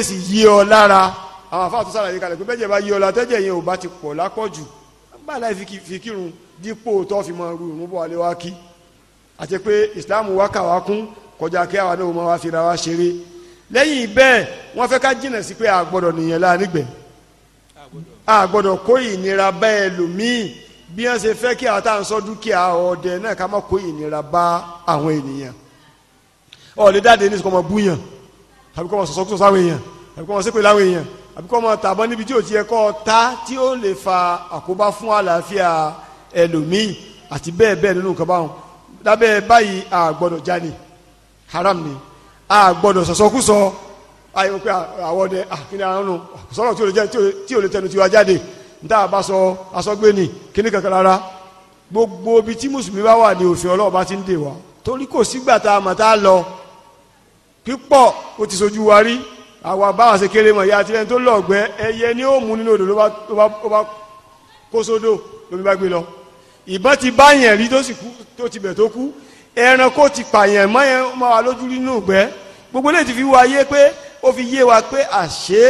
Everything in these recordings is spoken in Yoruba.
lè sì yí ọ lára àwọn àfa àtúnṣe àlàyé kalẹ̀ pé bẹ́jẹ̀ bá yí ọ lára tẹ́jẹ̀ yẹn ò bá ti pọ̀ lápọ̀jù bá láì fi kírun dípò tó fi mọ ru ìrún bọ̀ alẹ́ wa kí àti pé ìsìláàmù wa kà wá kún kọjá kí àwa náà máa fi ra wa ṣeré lẹ́yìn bẹ́ẹ̀ wọ́n fẹ́ ká jìnà sí pé àgbọ̀dọ̀ nìyẹn láà nígbẹ̀ẹ́ àgbọ̀dọ̀ kó ìnira bá ẹlòmíì bí wọ́n ṣe fẹ́ kí àwọn tá à ń sọ dúkìá ọdẹ náà ká má kó ìnira bá àwọn ènìyàn ọ̀lẹ́dàdé ní sọ́kọ́ mọ́ búyàn àbí kọ́ ọmọ sọ̀sọ́kùsọ̀ sáwọn èèyàn àbí kọ́ ọmọ ṣépè láwọn èèyàn àbí kọ́ ọmọ tàbọ̀ níbi tí ò ti yẹ kọ́ ta tí ó lè fa àkóbá fún àlàáfíà ẹlòmíì àti bẹ́ẹ̀ bẹ́ẹ̀ nínú nǹkan báwọn lábẹ́ báyìí a gbọ́dọ̀ jáde haram ni a gbọ́dọ̀ sọ̀sọ́kùsọ ayé wọ́n pé àwọn ọdẹ kíni àwọn nù sọ̀rọ̀ tí ò lè tẹnu tiwa jáde níta bá sọ asọ́gbé ni kíní kankan rárá gbogbo ibi tí mùsùlùmí bá wà ní òfin Ọlọ́run bá ti ń dè wá torí kò sígbà tá a mọ̀ tá a lọ pípọ̀ ó ti sojú wa rí àwa báwa ṣe kéré mọ̀ ìyá àti ẹni tó lọ̀gbẹ́ ẹyẹ ni ó mú nínú odò ló bá kó sódò lómi bá gbé lọ ìbọn ti bá yẹn rí tó ti bẹ̀ tó kú ẹranko ti pààyàn mọ́ yẹn mọ́ wa lójú nínú ìgbẹ́ gbogbo lè ti fi wá yé pé ó fi yé wa pé àṣé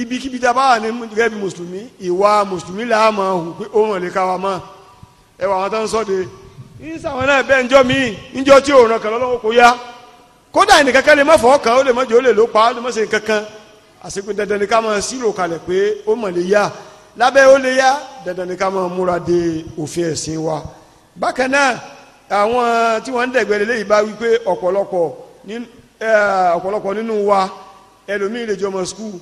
ibikíbi tá a bá wà ní gẹ́gẹ́ bí mùsùlùmí ìwà mùsùlùmí là á mọ̀ hù pé ó hàn lè ká wa mọ̀ ẹwà àwọn tó ń sọ́de ní sàwọn náà bẹ́ẹ̀ ń jọ́ míì tí òòrùn kan lọ́wọ́ kó yá kódà ẹnì kankan lè má fọ́ kan ó lè má jẹ́ ó lè ló pa ó lè má ṣe nǹkan kan àsìkò dandan ni ká máa sílò kalẹ̀ pé ó mọ̀ lè yá lábẹ́ ó lè yá dandan ni ká máa múra de òfin ẹ̀sìn wa bákan náà àwọn tí wọ́n ń dẹ̀gbẹ́ lè bá wí pé ọ̀pọ̀lọpọ̀ ọ̀pọ̀lọpọ̀ nínú wa ẹlòmíì lè jọmọ skul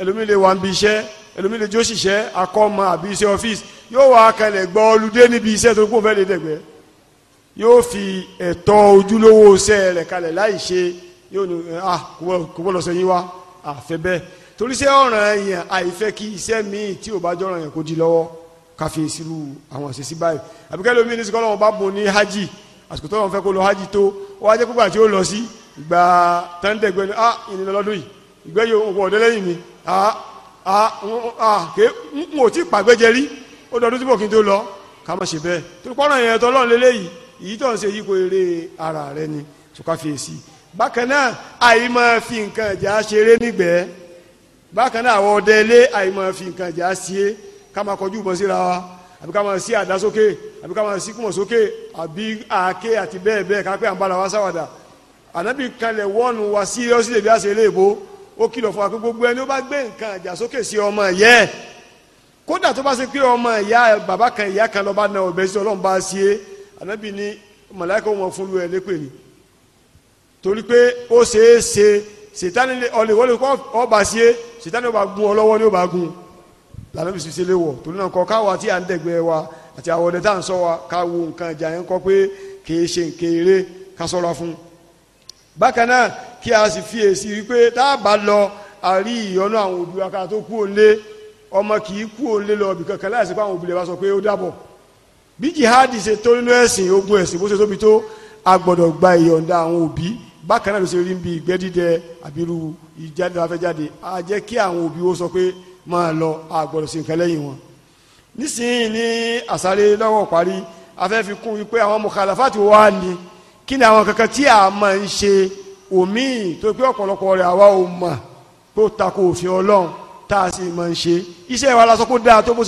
ẹlòmíì lè wà ń bi iṣẹ́ ẹlòmíì lè jó ṣiṣẹ́ akọ́mọ àbí iṣẹ́ ọ́fíìsì yóò wá kalẹ̀ gbọ́ ọlùdé níbi iṣẹ́ tó kó fẹ́ lè dẹ̀gbẹ́ yóò fi ẹ̀tọ́ ojúlówó iṣẹ́ rẹ̀ kalẹ̀ láì ṣe yóò ní ah kò bọ́ lọ́sẹ̀ yín wá àfẹ́ bẹ́ẹ̀ torí iṣẹ́ ọ̀ràn yẹn àìfẹ́ kí iṣẹ́ míì tí ò bá jọ̀ràn yẹn kó di lọ́wọ́ káfí ìṣirú àwọn àṣẹṣí báyìí àbíkẹ́ lómi ní sikọ́lọ́wọ́ bá bùn ní hajj àsìkò tó wọn fẹ́ kó lọ hajj tó ó wá jẹ́ tí ó lọ sí ìgbà tẹ́ńtẹ̀gbẹ́ ni ah ìnìlọ lọ́dún yìí ìgbẹ́ yìí òun kò ọ̀dẹ́ lẹ́yìn mi ah ah ah ké n kò tí ì pàgbẹ́jẹ rí ó dọdún tí bò kí n tó lọ ká má ṣe bẹ́ẹ̀ torí pọ́nrán yẹn tọ́lọ́ọ̀ lélẹ́yìí èyí tó ń ṣe yípo eré ara rẹ ni ṣùkà fèsì bákan náà àìmọ̀ fi nǹkan ìjà ṣeré nígbẹ̀ẹ́ bákan náà àwọn ọdẹ ilé àìmọ̀ fi nǹkan ìjà ṣe ká máa kọjú ìbọn síra wa àbí ká máa sí àdá sókè àbí ká máa sí kùmọ̀ sókè àbí àáké àti bẹ́ẹ̀ bẹ́ẹ̀ ká pé à ń bára wa sáwàdà ànábì kalẹ̀ wọ́ọ̀nù wa síríọ́sì lè bí àṣẹ ilé ìbò ó kìlọ̀ fún wa pé gbogbo ẹni ó bá gbé nǹkan ìjà sókè sí ọmọ ìyẹ́ kódà tó bá ṣe pé ọmọ ìyá bàbá kan ìyá kan lọ́ba náà ọ̀bẹ sí ọlọ́run bá ṣe é anabi ni màláíkà wọn fún lu ẹ lépè ni torí pé ó ṣeé ṣe sètánì ọlẹ wọlé kọ ọba sí ẹ sètánì ọba gun ọ lọ́wọ́ ni ọba gun lànà sise lè wọ torí náà kọ káwa tí à ń dẹgbẹ wa àti àwọn ọdẹ tá à ń sọ wa káwo nǹkan ìjà yẹn kọ pé kìí ṣe nǹkan eré ká ṣọ́ra fún un bákan náà kí a sì fiyèsí wípé tá a bá lọ àrí ìyọnu àwọn òbí wa ká tó kú òǹlé ọmọ kì í kú òǹlé lọ bìkan kan láìsí pé àwọn òbí rẹ bá sọ pé ó dàbọ̀ bí jihadi ṣe tó nínú ẹ̀sìn ogun ẹ̀sìn bó ṣe tóbi tó a gbọ́dọ̀ gba ìyọ̀ǹda àwọn òbí bákan náà ló ṣe rí bí ìgbẹ́ dídẹ àbírú ìjáde wàá fẹ́ jáde a jẹ́ kí àwọn òbí wo sọ pé máa lọ a gbọ́dọ̀ sí nǹkan lẹ́yìn wọn. nísìnyí ní àsálẹ̀ lọ́wọ́ parí a kún wípé àwọn mukhalafati wà ní kí ni àwọn kankan tí a máa ń ṣe òmíì tó pé ọ̀pọ̀lọpọ̀ rẹ̀ àwa ò mọ̀ tó tako òfin ọlọ́run tá a sì máa ń ṣe iṣẹ́ ìwà la sọ dáa tó bó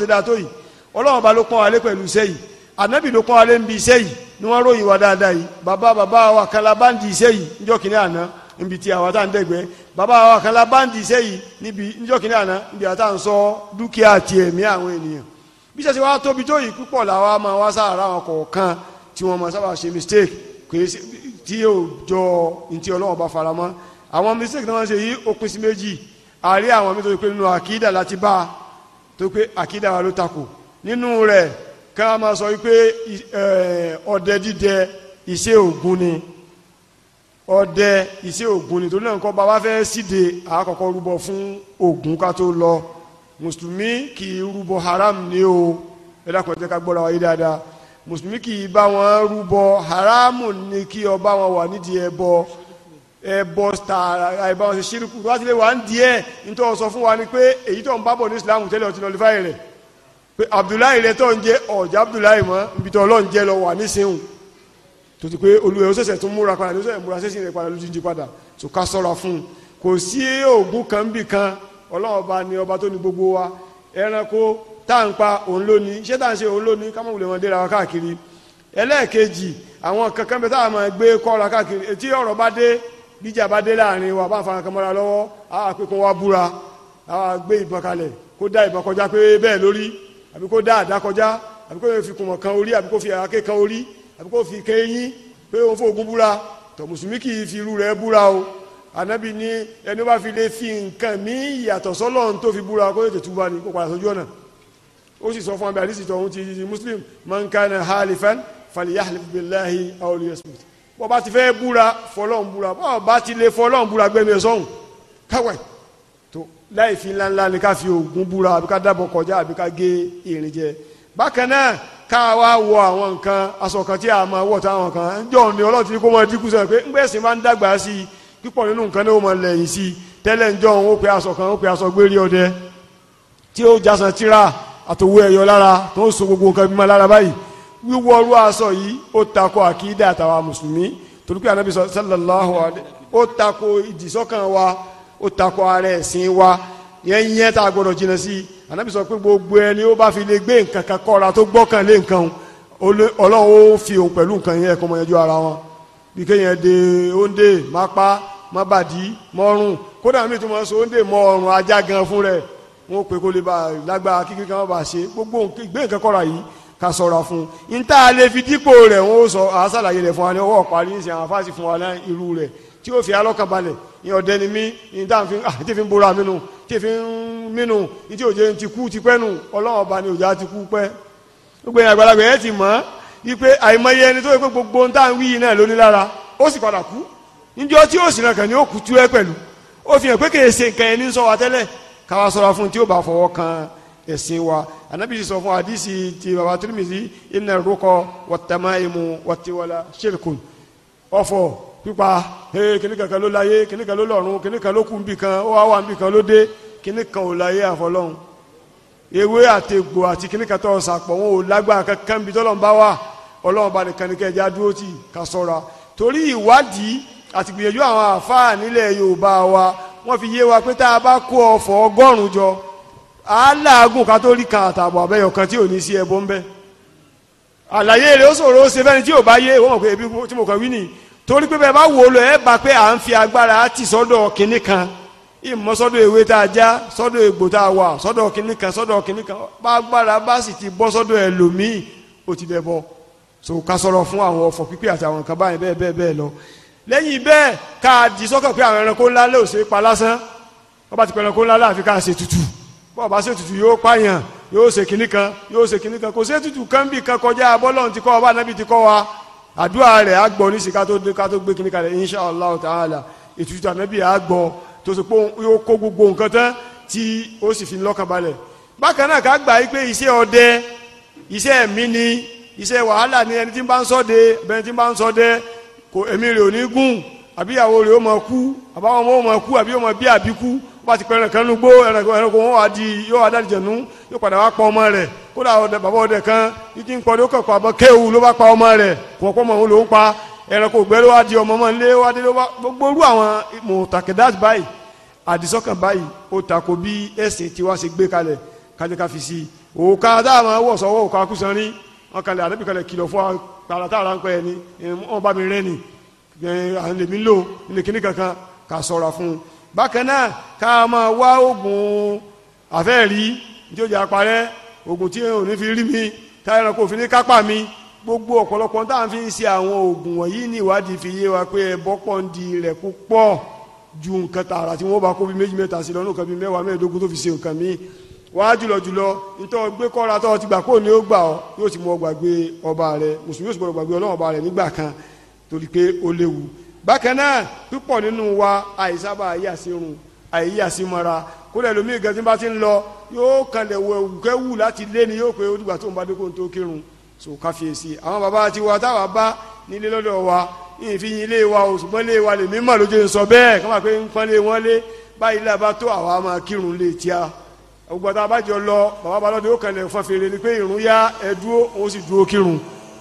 ṣe dáa tó yìí ọlọ́run ọba ló pọ́n alẹ́ pẹ̀lú iṣẹ́ yìí ànábì ló pọ́n alẹ́ ń bi iṣẹ́ yìí ni wọ́n ròyìn wa dáadáa yìí bàbá bàbá wa kan la bá ń di iṣẹ́ yìí níjọ́ kìíní àná níbi tí àwa tá à ń dẹ́gbẹ́ bàbá wa kan la bá ń di iṣẹ́ yìí níbi níjọ́ kìíní àná níbi àtà ń sọ dúkìá àti ẹ̀mí àwọn ènìyàn bí sẹ́sẹ́ wa tóbi tó yìí púpọ̀ làwa máa wá sára àwọn kọ̀ọ̀kan tí wọ́n máa sábà ṣe mistake kì í ṣe tí yóò jọ ntí ọlọ́run bá fara mọ́ àwọn mistake tí wọ́n ṣe yìí ó pín sí méjì àárẹ̀ àwọn mi tó pé nínú rẹ̀ ká máa sọ wípé eh, ọdẹ dídẹ iṣẹ́ ògùn ni ọdẹ iṣẹ́ ògùn ni torí náà nǹkan bá wá fẹ́ síde àkọ́kọ́ rúbọ fún ògùn ká tó lọ mùsùlùmí kì í rúbọ haram ni o ẹ dákun ẹ jẹ́ ká gbọ́ra wáyé dáadáa mùsùlùmí kì í bá wọn rúbọ haramu ni kí ó wọn wà nídìí ẹbọ ẹbọ tààrà àìbá ṣe ṣírùkù tó wá sílé wà ń di ẹ nítorí wọn sọ fún wa ni pé èyí tó ń bá bọ̀ ní Islam tẹ́lẹ̀ ọtí lọ́lífàì rẹ̀ pé abdullahi rẹ tó ń jẹ ọ̀já abdullahi mọ́ ibi tó ọlọ́run jẹ́ lọ wà nísìnyìí tó ti pé olùwẹ̀ ó ṣẹ̀ṣẹ̀ tún múra padà ló ṣẹ̀ṣẹ̀ múra ṣẹ̀ṣẹ̀ rẹ̀ padà lójijì padà tó ká sọ́ra fún un kò sí oògùn kan bì kan ọlọ́run ọba ni ọba tó ní gbogbo wa ẹranko tá à ń pa òun lóní iṣẹ́ tá à ń ṣe òun lóní ká má wulẹ̀ wọn káàkiri ẹlẹ́ẹ̀kejì àwọn kankan bẹ tá a máa gbé kọ́ra káàkiri etí ọ̀rọ̀ bá dé bíjà bá dé láàrin wa bá fara kan mọ́ra lọ́wọ́ àá pé búra àá gbé ìbọn kalẹ̀ kó dá ìbọn kọjá pé bẹ́ẹ̀ lórí àbí kó dá àdá kọjá àbí kó fi kùmọ̀ kan orí àbí kó fi àáké kan orí àbí kó fi kẹyìn pé òun fòògùn búra tó mùsùlùmí kì í fi irú rẹ̀ búra o ànábì ní ẹni bá fi lè fi nǹkan mí yàtọ̀ sọ́lọ́run tó fi búra kó tètè túbà ní kó padà sójú ọ̀nà ó sì sọ fún abẹ́ àdìsí tó ti di muslim man kana halifan falyahlif billahi aw liyasmut bó bá ti fẹ́ búra fọlọ́run búra bó bá ti lè fọlọ́run láì fi ńláńlá ni ká fi oògùn búra àbí ká dábọ̀ kọjá àbí ká gé irin jẹ bákan náà ká wá wọ àwọn nǹkan aṣọ kan tí a máa wọ̀ táwọn kan ń jọ ní ọlọ́ọ̀tì kó máa dínkù sọ pé ńgbẹ́ sì máa ń dàgbà sí i pípọ̀ nínú nǹkan náà ó máa lẹ̀yìn sí i tẹ́lẹ̀ ń jọ òun ó pe aṣọ kan ó pe aṣọ gbérí ọdẹ tí ó jasan tíra àtòwú ẹ̀yọ lára tó ń so gbogbo nǹkan bímọ lára báyìí wíwọ ọrú aṣọ yìí ó takò àkídà àtàwà mùsùlùmí torí pé ànábì sallallahu alaihi ó takò ìdìsọ́kàn wa ó takọ ara ẹ̀sìn wa yẹn yẹn tá a gbọdọ̀ jìnnà sí i ànábì sọ pé gbogbo ẹni ó bá fi lè gbé nǹkan kan kọ́ra tó gbọ́kàn lé nǹkan ọlọ́run ó fi òun pẹ̀lú nǹkan yẹn kọ́ mọ yanjú ara wọn bí kéèyàn de óńdè má pa má bàdí mọ́rùn kódà mi tún mọ sọ óńdè mọ ọrùn ajá gan fún rẹ wọn pè kó lè bá lágbára kíkí kan bá ṣe gbogbo gbé nǹkan kọ́ra yìí ká sọ̀rọ̀ fún un níta lè fi dípò rẹ̀ wọn ó sọ àṣàlàyé rẹ̀ fún wa ní ọwọ́ ọ̀parí ìsìn àwọn fásitì fún wa ní irú rẹ̀ tí ó fi alọ́kànbalẹ̀ ní ọ̀dẹ́ ni mí ní tá ah, tí fi ń bora mínú tí fi ń mínú ní tí òjò ti kú ti pẹ́ nù ọlọ́run ọba ni òjò ti kú pẹ́ gbogbo yẹn àgbàlagbà yẹn ti mọ̀ ọ́ wípé àìmọye ẹni tó yẹ pé gbogbo ohun tá à ń wí yìí náà lóní lára ó sì padà kú níjọ́ tí ó sì nàkàn ni ó kú tú ẹ pẹ̀lú ó fi hàn pé kèé ṣe nǹkan ẹni sọ wa tẹ́lẹ̀ káwa sọra fún tí ó bá fọwọ́ kan ẹ̀sìn wa anabi sọ fún hadisi ti baba Tirmidhi inna rúkọ wàtàmáìmù wàtíwọlá ṣirkun ọ̀fọ̀ pípa kíní kankan ló láyé kíní kan ló lọ́run kíní kan ló kú nbì kan ó wá wà nbì kan ló dé kíní kan ò láyé àfọlọ́hún ewé àtẹ̀gbò àti kíní kan tó sàpọ̀ wọn ò lágbára kankan bí tọ́lọ́run bá wà ọlọ́run bá nìkan ní kẹjá dúró tì ká sọ̀ra torí ìwádìí àti gbìyànjú àwọn àfáà nílẹ̀ Yorùbá wa wọ́n fi yé wa pé tá a bá kó ọ̀fọ̀ ọgọ́rùn-ún jọ aláàgùn ká tó rí kan àtààbọ̀ àbẹ́yọ̀ kan tí ò ní sí ẹbọ ń bẹ àlàyé rẹ̀ ó ṣòro ó ṣe fẹ́ni tí ò bá yé wọ́n mọ̀ pé ebi tí mo kàn wí nìyí torí pé bẹ́ẹ̀ bá wò lọ ẹ bá pé à ń fi agbára tì sọ́dọ̀ kínní kan ìmọ̀ sọ́dọ̀ ewé tá a já sọ́dọ̀ egbò tá a wà sọ́dọ̀ kínní kan sọ́dọ̀ kínní kan bá agbára bá sì ti bọ́ sọ́dọ̀ ẹlòmíì ó ti dẹ̀ bọ́ so ká sọ̀rọ̀ fún àwọn ọ̀fọ̀ pípé àti àwọn nǹkan báyìí bẹ́ẹ̀ bẹ́ẹ̀ bẹ́ẹ̀ lọ lẹ́yìn bẹ́ẹ̀ ká di sọ́kàn pé àwọn ẹranko ńlá lè ṣe pa lásán wọ́n bá ti pẹ̀lú ẹranko ńlá láàfin ká ṣe tutù bọ́ọ̀ bá ṣe tutù yóò pààyàn yóò ṣe kínní kan yóò ṣe kínní kan kò ṣe tutù kan bì kan kọjá abọ́lọ́run ti kọ́ wa nábì ti kọ́ wa àdúrà rẹ̀ á gbọ́ ní sika tó dé ká tó gbé kíní kalẹ̀ insha allah ta'ala ètùtù ànábì á gbọ́ tó so pé yóò kó gbogbo nǹkan tán tí ó sì fi lọ́kàn balẹ̀ bákan náà ká gbà yí pé iṣẹ́ ọdẹ iṣẹ́ ẹ̀mí ni iṣẹ́ wàhálà ni ẹni tí ń bá ń ṣọdẹ bẹni tí ń bá ń ṣọdẹ kò ẹ̀mí rẹ̀ ò ní gùn àbíyàwó rẹ̀ ó máa kú àbáwọn ọmọ ó máa kú àbí ó máa bí àbíkú bá ti pẹ ẹranko ẹnu gbó ẹranko ẹranko wọn wà di yóò wá dálìjẹnu yóò padà wá pa ọmọ rẹ kódà ọdẹ bàbá ọdẹ kan igi ń pọdé ó kàn pa àbọ kéwù ló bá pa ọmọ rẹ kò pọ ọmọ òun ló ń pa ẹranko ògbẹ ló wá di ọmọ ọmọ nílé wá dé ló wá gbogbo orú àwọn mùtàkìdá báyìí àdìsọ́kàn báyìí ó tako bí ẹ̀sìn tiwa ṣe gbé kalẹ̀ kájẹ́ká fi sí i òòka dáhàmà wọ̀ bákan náà ká máa wá oògùn àfẹ́ẹ̀rí tí ó àparẹ́ oògùn tí ò ní fi rí mi táyà ẹranko òfin ní kápá mi gbogbo ọ̀pọ̀lọpọ̀ tá à ń fi ṣe àwọn oògùn wọ̀nyí ní ìwádìí fi yé wa pé ẹbọ pọ̀ ń di rẹ̀ púpọ̀ ju nǹkan tààrà tí wọ́n bá kó bí méjì mẹ́ta sí lọ́nà kan bí mẹ́wàá mẹ́ẹ̀ẹ́dógún tó fi ṣe nǹkan míì wá jùlọ jùlọ ntọ́ gbé kọ́ra tọ́ ti gbà kó ni ó gbà ọ́ yóò sì mú gbàgbé ọba rẹ mùsùlùmí yóò sì gbọdọ̀ gbàgbé ọlọ́run ọba rẹ nígbà kan torí pé ó léwu bákan náà púpọ̀ nínú wa àìsábà yàsírun àìyàsímọ́ra kódà lómi gan tí bá ti ń lọ yóò kanlẹ̀ wọ ẹ̀wùkẹ́wù láti lé ni yóò pé ó dìgbà tó ń bá dé kó ń tó kírun so káfíyèsí àwọn bàbá ti wa táwa bá nílé lọ́dọ̀ wa ìfihìn ilé wa o ilé wa lè mímọ̀ lójú ń sọ bẹ́ẹ̀ kọ́ máa pé ń pọ́n lé wọn lé báyìí lába tó àwa máa kírun lè tíya ọgbà tá a bá jọ lọ bàbá balọ́dẹ ó kanlẹ̀ fọ́n fèrè ni pé ìrún yá ẹ̀dúró ó sì dúró kírun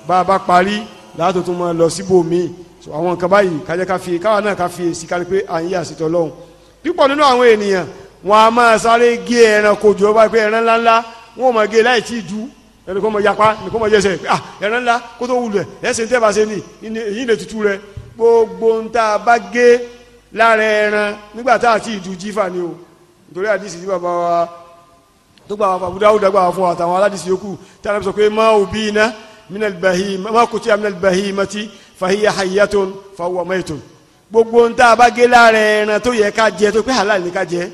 bá a bá parí láti tún máa lọ síbò míì so àwọn nǹkan báyìí kájẹ́ ká fi káwa náà ká fi èsì kárí pé à ń yí àsìtọ́ lọ́hùn pípọ̀ nínú àwọn ènìyàn wọn a máa sáré gé ẹran kojú ọba pé ẹran ńláńlá wọn ò máa gé láì tí ì ju ẹni kò mọ yapa ẹni kò mọ yẹsẹ pé ah ẹran ńlá kó tó wulẹ̀ ẹsẹ̀ ń tẹ́ba ṣe ni èyí lè tutù rẹ gbogbo ń tá a bá gé lára ẹran nígbà tá a ti ìdú jífà ni o nítorí àdìsí yìí bàbá wa tó gbà wà fún àbúdáwò dàgbà wà fún àtàwọn aládìsí yòókù tí a lè sọ pé má òbí iná من البهيمة ما قتل من البهيمة فهي حية فهو ميت gbogbo ń tá a bá gé lára ẹran tó yẹ ká jẹ tó pé halal ni ká jẹ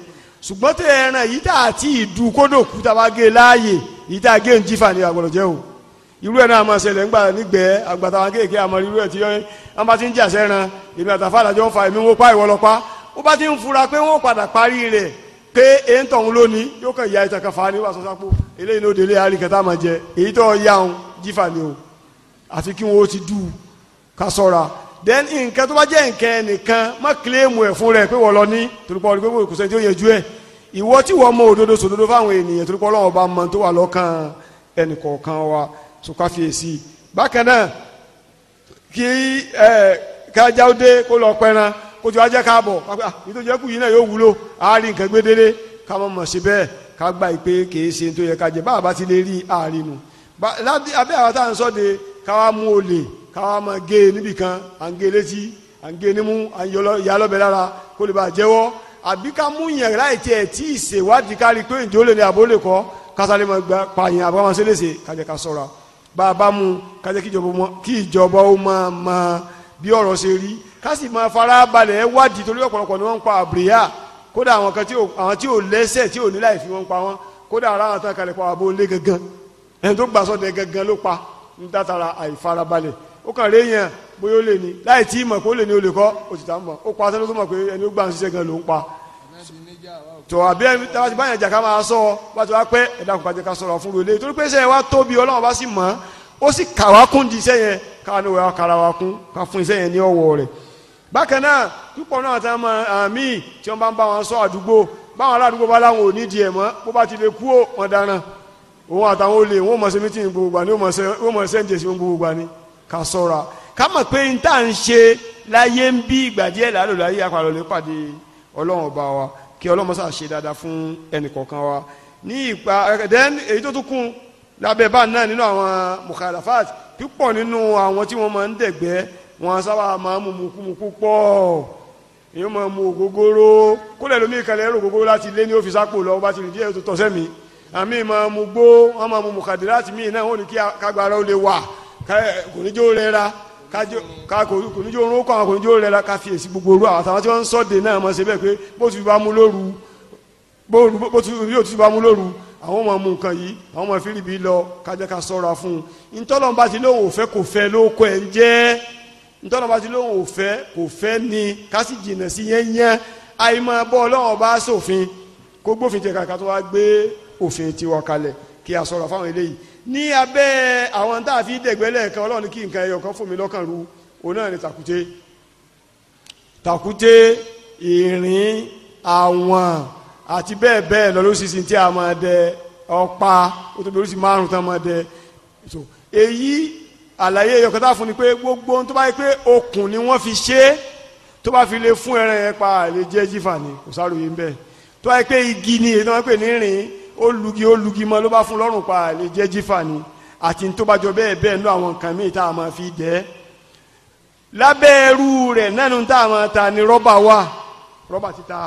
ṣùgbọ́n tẹ ẹran yìí tá a ti dùn kódò kú tá a bá gé láàyè yìí tá a gé ń jífà ni àgbọ̀dọ̀ jẹ́ o irú ẹ̀ náà máa ṣẹlẹ̀ ńgbà nígbẹ́ àgbàtà wọn kéèké àmọ́ irú ẹ̀ tí wọ́n bá ti ń jà sẹ́ran èmi àtàfà àdájọ́ ń fa èmi wọ́n pa ìwọ lọ ó bá ti ń fura pé wọ́n padà parí rẹ̀ pé èyí tọ̀hún lónìí yóò jífà ni o àti kí wọn ó ti dù ká sọra then nǹkan tó bá jẹ́ nǹkan ẹnìkan má kílèmù ẹ̀ fún rẹ̀ pé wọ́n lọ ní torípọ̀ ọ̀rẹ́ pé wọ́n kò sẹ́ni tí ó yẹ ju ẹ̀ ìwọ tí wọ́n mọ òdodo sòdodo fáwọn ènìyàn torípọ̀ ọlọ́run ọba mọ tó wà lọ́kàn ẹnìkọ̀ọ̀kan wa tó ká fiyèsí bákan náà kí ẹ kájáde kó lọ pẹran kó tó wá jẹ́ káàbọ̀ pápá yìí tó jẹ́ kú yìí náà yóò wúlò àárín nǹkan gbé délé ká mọ̀ mọ̀ sí ká gbà pé abẹ́ àwọn táwọn sọ de káwa mú olè káwa máa gé e níbì kan à ń gé e létí à ń gé e nímú à ń yà lọ́bẹ̀ lára kó lè bá a jẹ́wọ́ àbí ká mú yẹn láì tiẹ̀ tí ì ṣèwádìí ká rí i pé ìjọ lè ní àbó lè kọ́ kásálẹ̀ máa gba pààyàn àbúrò máa ṣe léṣe kájẹ́ ká sọ̀ra bá a bá mú kájẹ́ kí ìjọba ó máa máa bí ọ̀rọ̀ ṣe rí ká sì máa fara balẹ̀ wádìí torí ọ̀pọ̀lọpọ̀ ni wọ́n ń pa àbúrìyà kódà àwọn kan tí ò lẹ́sẹ̀ tí ò ní láì fi wọ́n pa wọ́n kódà ara àwọn tán pa àbó lé gangan ẹni tó gbà sọdẹ gangan ló pa ní tàtàrà àìfarabalẹ̀ ó kàn rí yẹn bóyá ó lè ní láì tí mọ̀ pé ó lè ní olè kọ́ òtítà mọ̀ ó pa sẹ́ni tó mọ̀ pé ẹni ó gbà ń ṣiṣẹ́ gan ló ń pa tò àbí ẹni tí a ti bá yẹn jà máa sọ ọ ti wá pẹ́ ẹ̀dá kò pàjẹ́ ká sọ̀rọ̀ fún wele torí pé sẹ́yìn wa tóbi ọlọ́run bá sì mọ̀ ó sì kà wá kún di sẹ́yìn ká ní wàá kara wá kún ká fún iṣẹ́ ní ọwọ́ rẹ̀ bákan náà púpọ̀ náà tá a mọ àmì tí wọ́n bá ń bá wọn sọ àdúgbò báwọn aládùúgbò bá láwọn ò ní di ẹ̀ mọ́ bó bá ti lè kú ò wọ́n dáná òun àtàwọn olè wọn mọ̀ ṣe mítìnì gbogbo gbà ni wọn mọ̀ ṣe ń jèsì gbogbo gbà ni ká sọ̀ra ká mọ̀ pé n tá à ń ṣe láyé ń bí ìgbà díẹ̀ lálò láyé apàlọ́ lè pàdé ọlọ́run ọba wa kí ọlọ́run sà ṣe dáadáa fún ẹnìkọ̀ọ̀kan wa ní ìpa ẹ̀dẹ́n èyí tó tún kún lábẹ́ bá náà nínú àwọn mukhalafat púpọ̀ nínú àwọn tí wọ́n máa ń dẹ̀gbẹ́ wọn sábà máa ń mú mukumuku pọ̀ èyí máa mú ògógóró kó lómi ìkàlẹ̀ rògógóró láti lé ní òfìsàpò lọ bá ti rìn díẹ̀ tó tọ́ sẹ́mi àmì máa mu gbó wọn máa mu mùkàdíràtì míì náà wọn ò ní kí kagbara ó lè wà kò ní jó rẹra kò ní jó orun kọ́ àwọn kò ní jó rẹra ká fi èsì gbogbo orú àwọn àtàwọn tí wọ́n ń sọ́ọ̀dẹ̀ náà máa ṣe bẹ́ẹ̀ pé bó ti bá mú lóru bó ti bá mú lóru àwọn ọmọ mu nǹkan yìí àwọn ọmọ fílíbì lọ kájẹ́ ká sọ́ra fún un ntọ́lọ́mba ti lóun ò fẹ́ kò fẹ́ ló kọ́ ẹ̀ ń jẹ́ ntọ́lọ́mba ti lóun ò fẹ́ kò fẹ́ ni ká sì jìnnà sí yẹn yẹn àìmọ̀ bọ́ ọlọ́run ọba sófin kó gbófin jẹ kàkà tó wá gbé òfin tiwọn kalẹ̀ kí a sọ̀rọ̀ fáwọn eléyìí ní abẹ́ àwọn tá a fi dẹ̀gbẹ́lẹ̀ kan ọlọ́run kí nǹkan ẹyọ kan fún mi lọ́kàn ru òun náà ni tàkúté tàkúté ìrìn àwọn àti bẹ́ẹ̀ bẹ́ẹ̀ lọ lóṣìṣì tí a máa dẹ ọ̀pá ó tóbi oríṣi márùn tán máa dẹ èyí àlàyé ẹyọ kan tá a fún ni pé gbogbo ohun tó bá yẹ pé okùn ni wọ́n fi ṣe é tó bá fi lè fún ẹran yẹn pa àlè jífà ni kò sáròyé ń bẹ́ẹ̀ tó bá yẹ pé igi ni èyí tó bá pè ní rìn ó lugi ó lugi mọ́ ló bá fún lọ́rùn pa àlè jẹ́ jífà ni àti tó bá jọ bẹ́ẹ̀ bẹ́ẹ̀ nú àwọn nǹkan míì tá a máa fi jẹ́ lábẹ́ ẹrú rẹ̀ nánú tá a máa ta ni rọ́bà wà rọ́bà títa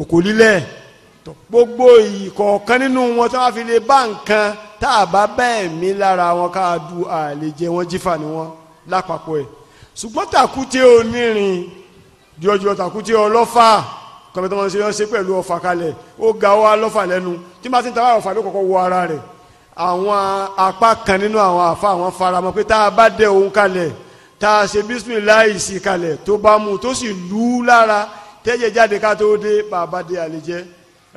òkò lílẹ̀ gbogbo ìkọ̀ọ̀kan nínú wọn tí wọ́n fi lè bá nǹkan tá a bá bẹ́ẹ̀ mí lára wọn ká a du àlè jẹ wọn jífà ni wọn lápapọ̀ ẹ̀ ṣùgbọ́n tàkúté onírin di ọjọ́ ọlọ́fà kọ́mi tó máa ń ṣe ọ́n ṣe pẹ̀lú ọ̀fà kalẹ̀ ó ga wá lọ́fà lẹ́nu tí máa ti ń ta ọ̀fà ló kọ́kọ́ wọ ara rẹ̀ àwọn apá kan nínú àwọn àfa àwọn faramọ́ pé tá a bá dẹ òun kalẹ̀ tá a ṣe bísímìláì sí kalẹ̀ tó bá mu tó sì lù lára tẹ́jẹ̀ jáde ká tó dé bàbá dé àlejẹ́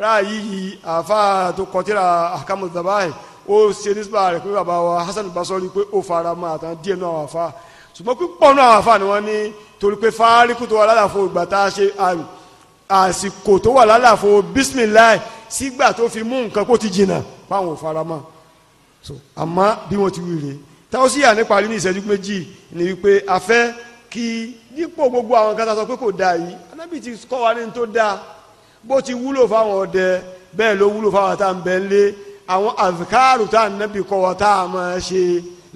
ráàyè yìí àfa tó kọtíra àkàmù dàbáyé ó ṣe nípa rẹ̀ pé bàbá wa Hasan Basori pé ó faramọ́ àtàn díẹ̀ náà àfa ṣùgbọ́n pípọ̀ náà àfa ni wọ́n ní torí pé fáríkù tó wà lálàfo ìgbà tá a ṣe àrùn àsìkò tó wà lálàfo bisimilayi sígbà tó fi mú nǹkan kó ti jìnnà báwọn ò fara mọ́ so àmọ́ bí wọ́n ti wí rèé táwọn sì yà ní parí ní ìṣẹ́jú méjì ni wípé a fẹ́ kí dípò gbogbo àwọn kan tá sọ pé kò dáa yìí anábì ti kọ́ wa ní tó dáa bó ti wúlò fáwọn ọdẹ bẹ́ẹ̀ ló wúlò fáwọn tá à ń bẹ lé àwọn àfikàrù tá à ń nábì kọ́ wa tá a máa ṣe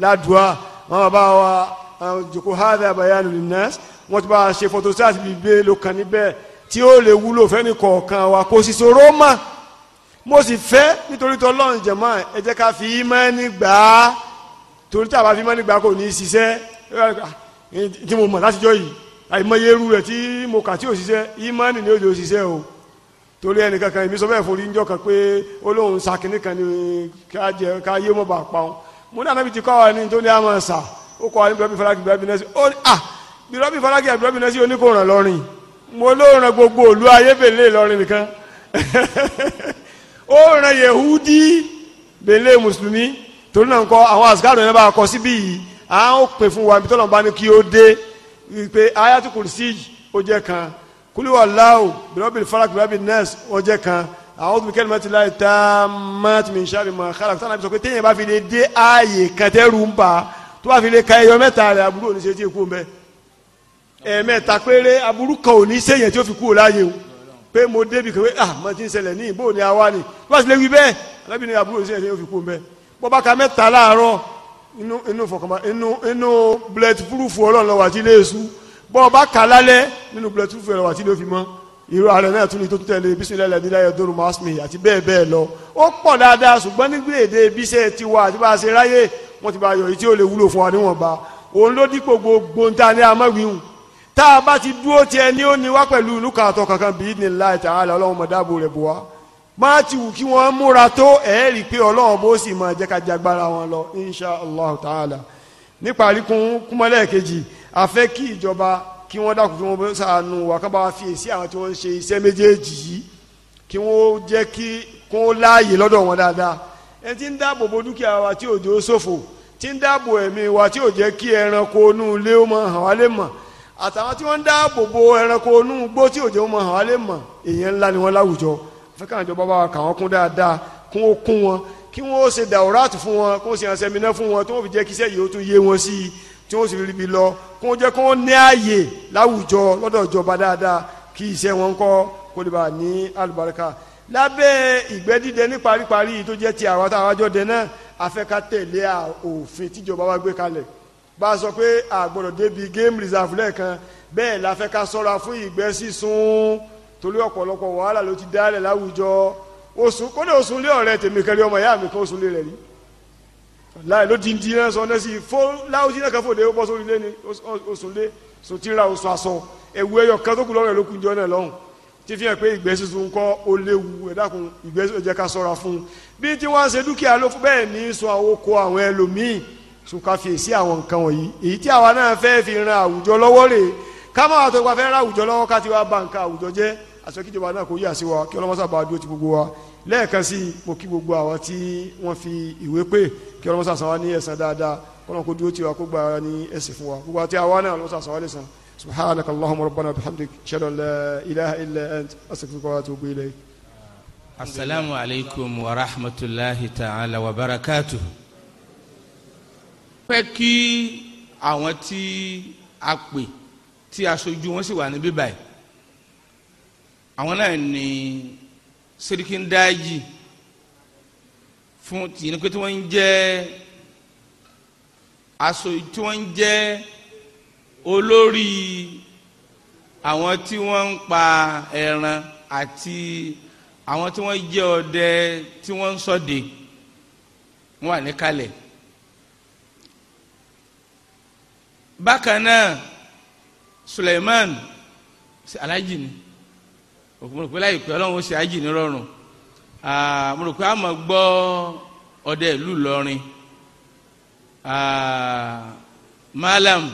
ládùúà wọn bá wa jòkó hàdà bayanu linnas wọn ti bá a ṣe photostat bíi bẹ́ẹ̀ ló kàn níbẹ̀ tí ó lè wúlò fẹ́ni kọ̀ọ̀kan wa kò sì ṣòro mọ́ mo sì fẹ́ nítorí tọ́lọ́run jẹ̀mọ́ ẹ jẹ́ ká fi ìmánì gbà á torí tí a bá fi ìmánì gbà á kò ní í ṣiṣẹ́ tí mo mọ̀ látijọ́ yìí àìmọye irú rẹ̀ tí mo kà tí ò ṣiṣẹ́ ìmánì ni ó lè ṣiṣẹ́ o torí ẹnìkan kan èmi sọ bẹ́ẹ̀ forí njọ́ kan pé olóhùn sakinní kan ni ká jẹ ká yé mọ́ bá a pa wọn mo ní ànábi kọ́ wa ní tó ní àmọ́ sà ó kọ́ wa ní bíọ́bí falaki bíọ́bí nẹ́sì ó ní à bíọ́bí falaki àbíọ́bí nẹ́sì oníkó ràn lọ́rìn mo ló ran gbogbo òlu ayébèlé Ìlọrin nìkan ó ran Yehudi bèlè mùsùlùmí torí náà ń kọ àwọn àsìkáàdùn yẹn bá kọ síbí yìí à ń pè fún wa ibi tọ́lọ̀ bá ní kí ó dé pé ayatul kursi ó jẹ́ kan kúlíwà láwù bìrọ́bì farak bìrọ́bì nẹ́ẹ̀sì ó jẹ́ kan àwọn òbí kẹ́lìmọ́ ti láì tá mọ́tì mi ṣáàrì mọ́ àkàrà tó náà sọ pé téèyàn bá fi lè dé ààyè kẹtẹ́rù ń bà tó bá fi lè ka ẹyọ mẹ́ta rẹ̀ àbúrò oníṣẹ́ tí èkó ń ẹ̀ẹ̀mẹ́ta péré aburú kan ò ní sẹ́yìn tí ó fi kú láàyè o pé mo débi kan pé ah mo ti ń ṣẹlẹ̀ ní ìbò ní awa ni wọ́n ti lè wí bẹ́ẹ̀ ni aburú ò sẹ́yìn tí ó fi kú bẹ́ẹ̀ bọ́ba ka mẹ́ta láàárọ̀ inú inú fọkànmá inú inú bullet proof ọlọ́run lọ́wọ́ àti ilé èṣù bọ́ba ka lálẹ́ nínú bullet proof ọlọ́wọ́ àti ilé òfin mọ́ irú ààrẹ náà tún ní tó tún tẹ̀lé bisimilayi ladina yẹ dóru masmi àti bẹ́ẹ̀ bẹ́ẹ̀ lọ ó pọ̀ dáadáa ṣùgbọ́n nígbà èdè bíṣẹ́ tiwa àti bá a ṣe ráyè wọ́n ti bá a yọ èyí tí ó lè wúlò fún wa níwọ̀nba òun ló dípò gbogbo ń tá a bá ti dúró tiẹ̀ ní ó ní wá pẹ̀lú ìlú kan àtọ̀ kankan bíi ní láì tààlà ọlọ́run mọ̀ dáàbò rẹ̀ bọ̀ wá má ti wù kí wọ́n múra tó ẹ̀ẹ́rì pé ọlọ́run bó sì máa jẹ́ ká jagbára wọn lọ insha allah ta'ala níparí kún kúmọ́lẹ̀ kejì a fẹ́ kí ìjọba kí wọ́n dákun kí wọ́n ṣàánú wa ká bá fi èsì àwọn tí wọ́n ń ṣe iṣẹ́ méjèèjì yìí kí wọ́n jẹ́ kí kún láàyè lọ́dọ̀ wọn dáadáa ẹni tí ń dáàbò bo dúkìá wa tí òjò ṣòfò tí ń dáàbò ẹ̀mí wa tí ò jẹ́ kí ẹranko inú ilé ó mọ àwọn alẹ́ mọ̀ àtàwọn tí wọ́n ń dáàbò bo ẹranko inú igbó tí òjò mọ̀ hàn á lè èèyàn ńlá ni wọ́n láwùjọ afẹ́kàn ìjọba bá wa kà wọ́n kún dáadáa kún ó kún wọn kí wọ́n ó ṣe dàwọ́ràtù fún wọn kó ṣe àṣẹmínà fún wọn tó wọ́n fi jẹ́ kí iṣẹ́ yìí ó tún yé wọn sí i tí wọ́n sì rí ibi lọ kó wọ́n jẹ́ kó wọ́n ní ààyè láwùjọ lọ́dọ̀ ìjọba dáadáa kí iṣẹ́ wọn kọ́ kó lè bá ní àlùbáríkà lábẹ́ ìgbẹ́ dídẹ ní paríparí tó jẹ́ ti àwọn táwọn àjọ dẹ náà afẹ́ká tẹ̀lé òfin tíjọba wa gbé kalẹ̀ bá a sọ pé àgbọ̀dọ̀ débi game reserve lẹ́ẹ̀kan bẹ́ẹ̀ la fẹ́ ká sọ́ra fún ìgbẹ́ sísun torí ọ̀pọ̀lọpọ̀ wàhálà ló ti dálẹ̀ láwùjọ oṣù kódé oṣù lé ọ̀rẹ́ tèmi kẹrin ọmọ ìyá mi kan oṣù lé rẹ̀ rí láì ló di di náà sọ náà sí fó láwùjọ náà kẹfọ́ òde ó bọ́ sórí lé ní oṣù lé oṣù tí ra oṣù aṣọ ẹ̀wù ẹyọ kan tó kù lọ́rọ̀ ló kún jọ náà lọ́hùn tí fi hàn pé ìgbẹ́ sísun kọ́ ó léwu ẹ dákun ìgbẹ́ sísun ká sọ́ra fún un bí tí wọ́n ṣe dúkìá ló bẹ́ẹ̀ ní sọ àwọn oko àwọn ẹlòmíì ṣùkà fèsì àwọn nǹkan wọ̀nyí èyí tí àwa náà fẹ́ fi ran àwùjọ lọ́wọ́ rè ká má wàá tó pa fẹ́ ra àwùjọ lọ́wọ́ ká wá ba àwùjọ jẹ́ àṣọ kíjọba náà kò yí àṣewà kí ọlọ́mọṣà bá dúró ti gbogbo wa lẹ́ẹ̀kan sí mo kí gbogbo àwọn tí wọ́n fi ìwé pè kí ọlọ́mọṣà san wá ní ẹ̀san dáadáa kọ́nà kó dúró ti wa kó gba ara ní ẹ̀sìn fún wa gbogbo àti àwa náà ọlọ́mọṣà san wa atubu ilayk. asalaamualeykum wa rahmatulahi ta'ala wa barakatuhu fẹ́ kí àwọn tí a pè tí aṣojú wọn sì wà níbí báyìí àwọn náà ní sirikindaji fún tìǹbù pé tí wọ́n ń jẹ́ aṣojú tí wọ́n ń jẹ́ olórí àwọn tí wọ́n ń pa ẹran àti àwọn tí wọ́n jẹ́ ọdẹ tí wọ́n ń ṣọdẹ wọ́n wà níkàlẹ̀. bákan náà Suleiman alájì ni mo rò pé ọla ó ṣe ájì ní rọrùn mo a ọdẹ ìlú Ìlọrin Malam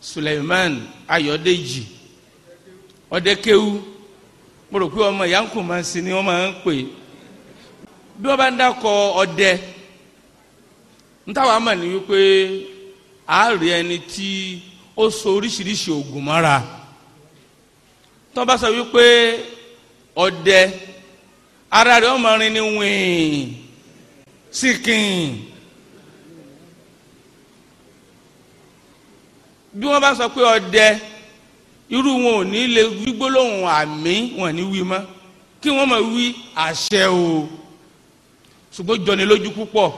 Suleiman Ayọ̀dèjì ọdẹ kéwú ọmọ ìyá máa ni máa ń pè bí bá ń ọdẹ ń táwọn a rí ẹni tí ó so oríṣiríṣi oògùn mọ́ra tó bá sọ wípé ọdẹ ara rẹ̀ ọmọ rin ni wìn síkìn bí wọ́n bá sọ pé ọdẹ irú wọn ò ní lè gbígbólóhùn àmì wọn ní wí mọ́ kí wọ́n máa wí àṣẹ o ṣùgbọ́n jọni lójú púpọ̀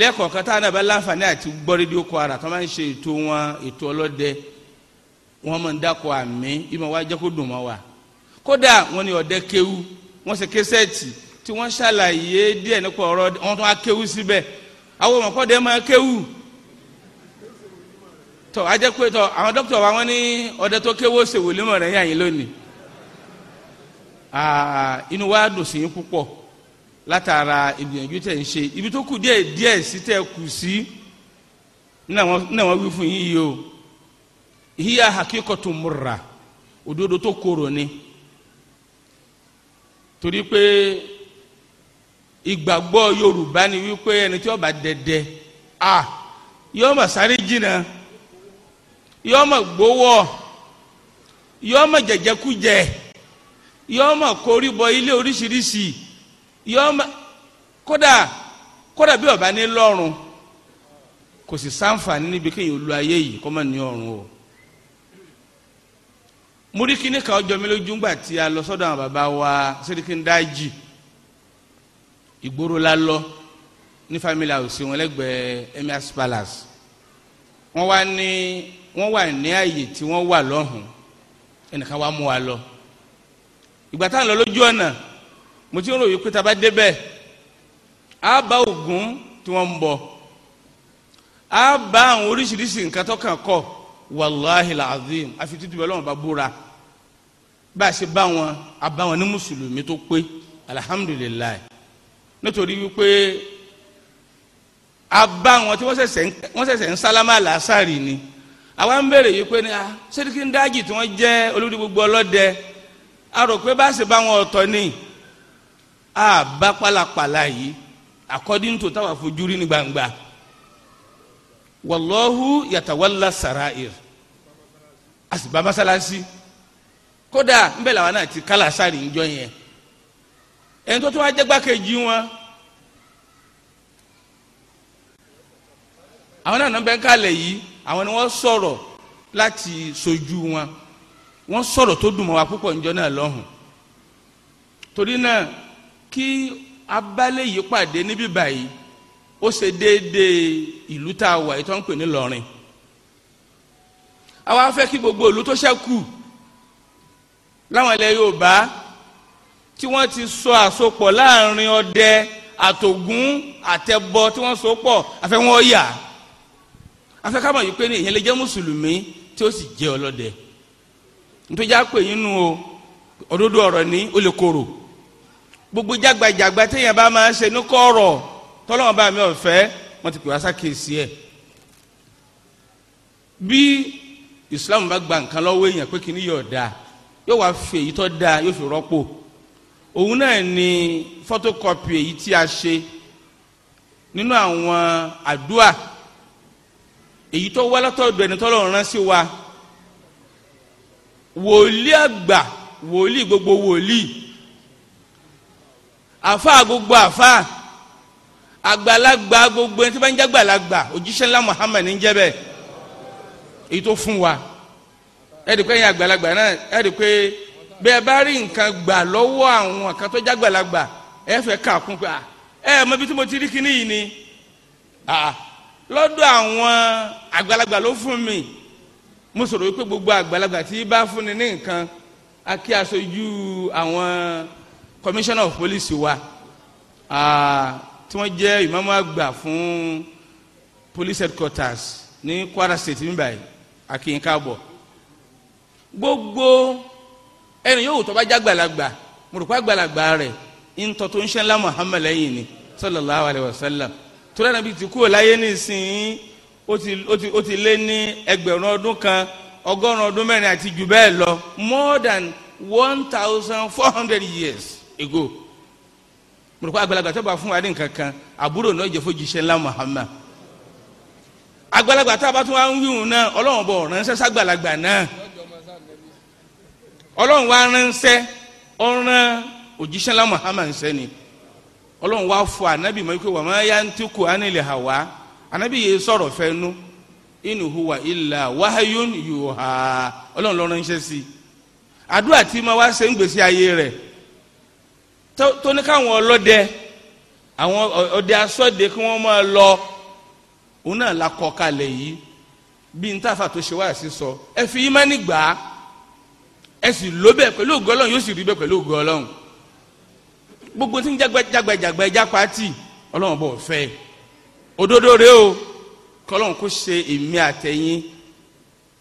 lẹ́ẹ̀kọ̀ọ̀kan tá a náà bá láǹfààní àti gbọ́ rédíò kwara tó máa ń ṣe ètò wọn ètò ọlọ́dẹ wọn máa ń dákọ̀ àmì ìmọ̀ wá jẹ́ kó dùn mọ́ wa kódà wọn ni ọ̀dẹ kéwu wọn ṣe késẹ́ẹ̀tì tí wọ́n ṣàlàyé díẹ̀ nípa ọ̀rọ̀ wọn tó wá kéwu síbẹ̀ àwọn ọmọkọ́dẹ máa kéwu tọ́ ajẹ́ pé tọ́ àwọn dókítà wa wọ́n ní ọ̀dẹ tó kéwu ṣèwòlémọ̀ rẹ̀ yàn yín lónìí látara ìgbìyànjú tẹ̀ ń ṣe ibi tó kù díẹ̀ díẹ̀ sí tẹ̀ kù sí náà wọ́n wí fún yín yìí o hiya hakikatu murra òdodo tó korò ni torí pé ìgbàgbọ́ yorùbá ni wípé ẹni tí ó bá a yóò máa sáré jìnnà yóò máa gbowó yóò máa jẹjẹkújẹ yóò máa kórìbọ ilé oríṣiríṣi yọọma kódà kódà bí ọba ní lọ́rùn kò sì sáǹfààní níbi kéèyàn olú ayé yìí kọ́ mọ̀ ní ọ̀run o múríkì ní ká ọjọ́ mi lójú ńgbà tí a lọ sọ́dọ̀ àwọn bàbá wa sẹ́ríkì ń dájì ìgboro la lọ ní family house wọn lẹ́gbẹ̀ẹ́ emirs palace wọ́n wá ní wọ́n wà ní àyè tí wọ́n wà lọ́hùn ẹnìkan wá mú wa lọ ìgbà táwọn lọ lójú ọ̀nà mo ti ń ròyìn pé taba débẹ̀ á bá Ògún tí wọ́n ń bọ̀ á bá àwọn oríṣiríṣi nǹkan tó kàn kọ́ wàláhi làzim àfi títí bẹ́ẹ̀ lọ́wọ́n bá búra bá a ṣe bá wọn a bá wọn ní mùsùlùmí tó pé alihamudulilayi nítorí wípé a bá wọn tí wọ́n ṣẹ̀ṣẹ̀ ń sálámà làásàrì ni àwa ń béèrè yìí pé ní a sẹ́díkì ń dájì tí wọ́n jẹ́ olórí gbogbo ọlọ́dẹ a rò pé bá a ṣe bá wọn ọ̀tọ̀ ni a bá pálapàla yìí according to táwa fojú rí ní gbangba wallahu yatawalla sarair àsìbá masalasi kódà nbẹ làwọn náà ti kálá sáré ńjọ yẹn ẹni tó tó wá jẹ gbákejì wọn àwọn náà nọbẹ kálẹ yìí àwọn ni wọn sọ̀rọ̀ láti sojú wọn wọn sọ̀rọ̀ tó dùn mọ́ wa púpọ̀ ńjọ náà lọ́hùn torí náà kí abálé yìí pàdé níbí báyìí ó ṣe déédéé ìlú tá a wà yìí tó ń pè ní lọrin àwa fẹ́ kí gbogbo ìlú tó ṣẹ́kù láwọn ilẹ̀ Yorùbá tí wọ́n ti sọ àsopọ̀ láàrin ọdẹ àtògún àtẹbọ tí wọ́n so pọ̀ àfẹ́ wọn yà àfẹ́ ká mọ̀ yìí pé ní èyàn lè jẹ́ mùsùlùmí tí ó sì jẹ́ ọlọ́dẹ nítorí àpè yín nu o òdodo ọ̀rọ̀ ó lè korò gbogbo jágbajàgba téèyàn bá máa ń ṣe ní kọ̀rọ̀ tọ́lọ́wọ́n bá mi ọ̀fẹ́ wọ́n ti pè wá sákèsí ẹ̀ bí Islam bá gba nǹkan lọ́wọ́ èèyàn pé kí ni yóò da yóò wá fi èyí tó da yóò fi rọ́pò òun náà ni photocopy èyí tí a ṣe nínú àwọn àdúà èyí tó wá látọ̀dọ̀ ẹni tọ́lọ́run rán sí wa wòlíì àgbà wòlíì gbogbo wòlíì Afa gbogbo afa àgbàlagbà gbogbo ẹni tí bá ń jẹ́ àgbàlagbà òjíṣẹ́ ńlá Muhammad ń jẹ́ bẹ́ẹ̀ èyí tó fún wa ẹ rí i pé ẹ̀yin àgbàlagbà náà ẹ rí i pé bí ẹ bá rí nǹkan gbà lọ́wọ́ àwọn kan tó jẹ́ àgbàlagbà ẹ fẹ́ kà kún pé ẹ mọ ibi tí mo ti rí kinní yìí ni lọ́dọ̀ àwọn àgbàlagbà ló fún mi mo sọ̀rọ̀ wípé gbogbo àgbàlagbà tí bá fún ni ní nǹkan a kí aṣojú àwọn commissioner of police wa tí wọ́n jẹ́ ìmáàmù àgbà fún police headquarters ní Kwara state nígbà yìí akínyínká bọ̀ gbogbo ẹni yóò tó bá já gbàlagbà mùrùkọ́ àgbàlagbà rẹ̀ ńtọ́ tó ń ṣe ńlá lẹ́yìn ni sallallahu alayhi wa sallam tó lẹ́nu bí ti kú láyé nísìnyí ó ti lé ní ẹgbẹ̀rún ọdún kan ọgọ́rùn-ún ọdún mẹ́rin àti jù bẹ́ẹ̀ lọ more than one thousand four hundred years ego mo rò pé àgbàlagbà tó bá fún wa ní nǹkan kan àbúrò náà jẹ́ fojìṣẹ́ ńlá Muhammad àgbàlagbà tá bá tún wá ń náà ọlọ́run bọ̀ ránṣẹ́ náà ọlọ́run ránṣẹ́ ọ̀ràn ni ọlọ́run fọ ikú sọ̀rọ̀ fẹ́ nu inú wa ilà ọlọ́run ma wá ṣe ń tó ní káwọn ọlọ́dẹ àwọn ọdẹ asọ́dẹ kí wọ́n máa lọ òun náà la kọ kalẹ̀ yìí bí n táfà tó ṣe wáyà sí sọ ẹ fi ìmánì gbà á ẹ sì ló bẹ́ẹ̀ pẹ̀lú ògo Ọlọ́run yóò sì rí bẹ́ẹ̀ pẹ̀lú ògo Ọlọ́run gbogbo tí ń jagbajagba ẹja pati Ọlọ́run bọ̀ fẹ́ òdodo rẹ o kọlọ́run kó ṣe èmi àtẹ̀yìn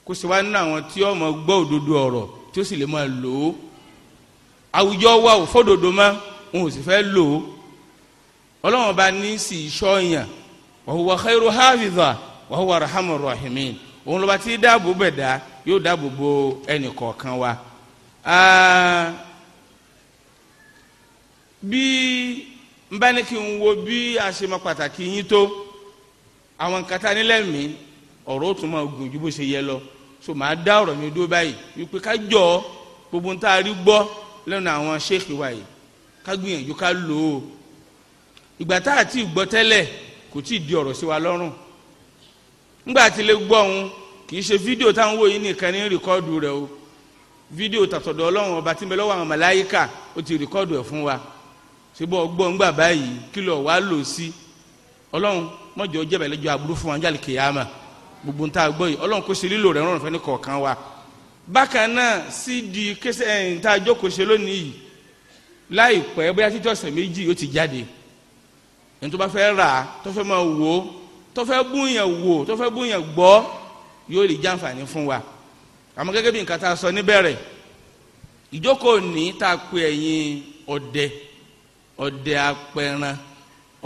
kó ṣe wá nínú àwọn tí ó máa òdodo ọ̀rọ̀ tí ó sì lè máa lò ó àwùjọ wa ò fọ́dòdó mọ́ wọn ò sì fẹ́ lò ó ọlọ́wọ́n bá ní sì sọ́yàn wa huwa khairu hafiza wa huwa arhamur òun lọ́ba tí dá yóò dáàbò bo ẹnì wa. bí n bá ní kí n wo bí a ṣe mọ pàtàkì yín tó àwọn nǹkan nílẹ̀ ọ̀rọ̀ so màá dá ọ̀rọ̀ mi dúró báyìí wípé ká jọ gbogbo ń tá a ká gbìyànjú ká lò ó ìgbà tá a ti gbọ́ tẹ́lẹ̀ kò tí ì di ọ̀rọ̀ sí wa lọ́rùn ńgbà tí lè gbọ́ òun kì í ṣe fídíò táwọn wò yìí nìkan ní rìkọ́ọ̀dù rẹ̀ o fídíò tàtọ̀dọ̀ ọlọ́run ọba tí ń bẹ lọ́wọ́ àwọn màláyíkà ó ti rìkọ́ọ̀dù ẹ̀ fún wa ṣùgbọ́n ọgbọ́n ńgbà báyìí kìlọ̀ wá lò sí ọlọ́run mọ̀jọ́ jẹ́bẹ̀ lẹ́jọ́ aburú fún wọn jálè kìyàmà gbogbo ń ta gbọ́ yìí ọlọ́run kò sí lílò rẹ̀ rọrùn fẹ́ni kọ̀ọ̀kan wa bákan náà sídìí kẹsẹ̀ ẹ̀ ń ta jókòó ṣe lónìí yìí láìpẹ́ bóyá títí ọ̀sẹ̀ méjì yóò ti jáde ẹni tó bá fẹ́ rà á tó fẹ́ máa wò ó tó fẹ́ búyàn wò tó fẹ́ búyàn gbọ́ yóò lè jàǹfààní fún wa àmọ́ gẹ́gẹ́ bí nǹkan tá a sọ níbẹ̀rẹ̀ ìjókòó ní tá a pe ẹ̀yin ọdẹ ọdẹ apẹran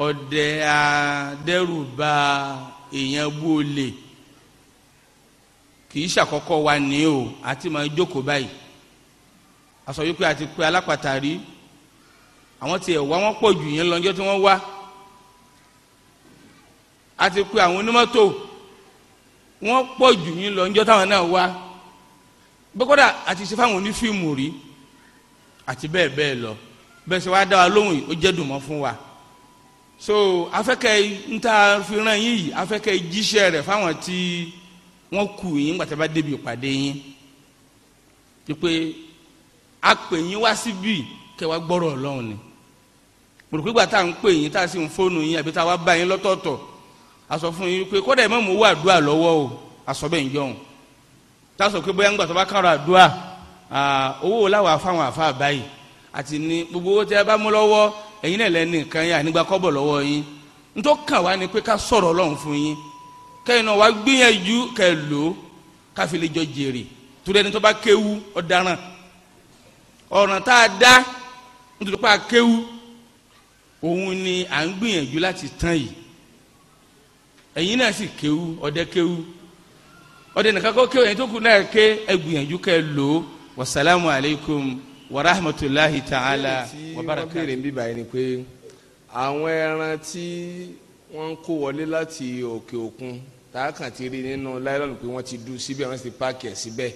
ọdẹ adẹ́rùbà èèyàn bú kì í ṣàkọ́kọ́ wa ní o àti máa jókòó báyìí àsọ àti pé alápàtà rí àwọn tiẹ̀ wá wọ́n pọ̀ jù yẹn lọ́jọ́ tí wọ́n wá a ti pe àwọn onímọ́tò wọ́n pọ̀ jù yẹn lọ́jọ́ táwọn náà wá bẹ́kọ́dà a ti ṣe fáwọn onífíìmù rí àti bẹ́ẹ̀ bẹ́ẹ̀ lọ bẹ́ẹ̀ sọ wá dá wa lóhùn ó jẹ́ dùnmọ́ fún wa so afẹ́kẹ́ ń ta fìràn yín yìí afẹ́kẹ́ jíṣẹ́ rẹ̀ fáwọn tí wọ́n kù yín gbàtẹ́ bá débi ìpàdé yín pípé a pè yín wá síbí kẹ́ gbọ́rọ̀ ọlọ́run ni. mùrùkúgbà tá à ń pè yín tá a sì ń fóònù yín àbí tá a wá bá yín lọ́tọ̀ọ̀tọ̀ a sọ fún yín pé kódà ìmọ̀ mò ń wá àdúrà lọ́wọ́ o a sọ bẹ́ẹ̀ ń jọ̀hún tá a sọ pé bóyá ń gbà tó bá báyìí àti ní gbogbo owó tí a bá mú lọ́wọ́ ẹ̀yin náà nǹkan yẹn kọ́bọ̀ lọ́wọ́ yín ntọ́ kàn wá ni fún òun ni à ń gbìyànjú láti tán yìí ẹ̀yin náà sì kéwu ọdẹ kéwu ọdẹ nìkan kọ́ kéwu ẹ̀yin tó kù náà ké ẹ gbìyànjú kẹ́ lò ó wasalaamu alaykum wa rahmatulahi ta'ala wa barakatuh. ìbéèrè ń bíbá yìí ni pé àwọn ẹran tí wọ́n ń kó wọlé láti òkè òkun tààkàn ti rí nínú láìlọ́nù pé wọ́n ti dú síbẹ̀ wọ́n ti páàkì ẹ̀ síbẹ̀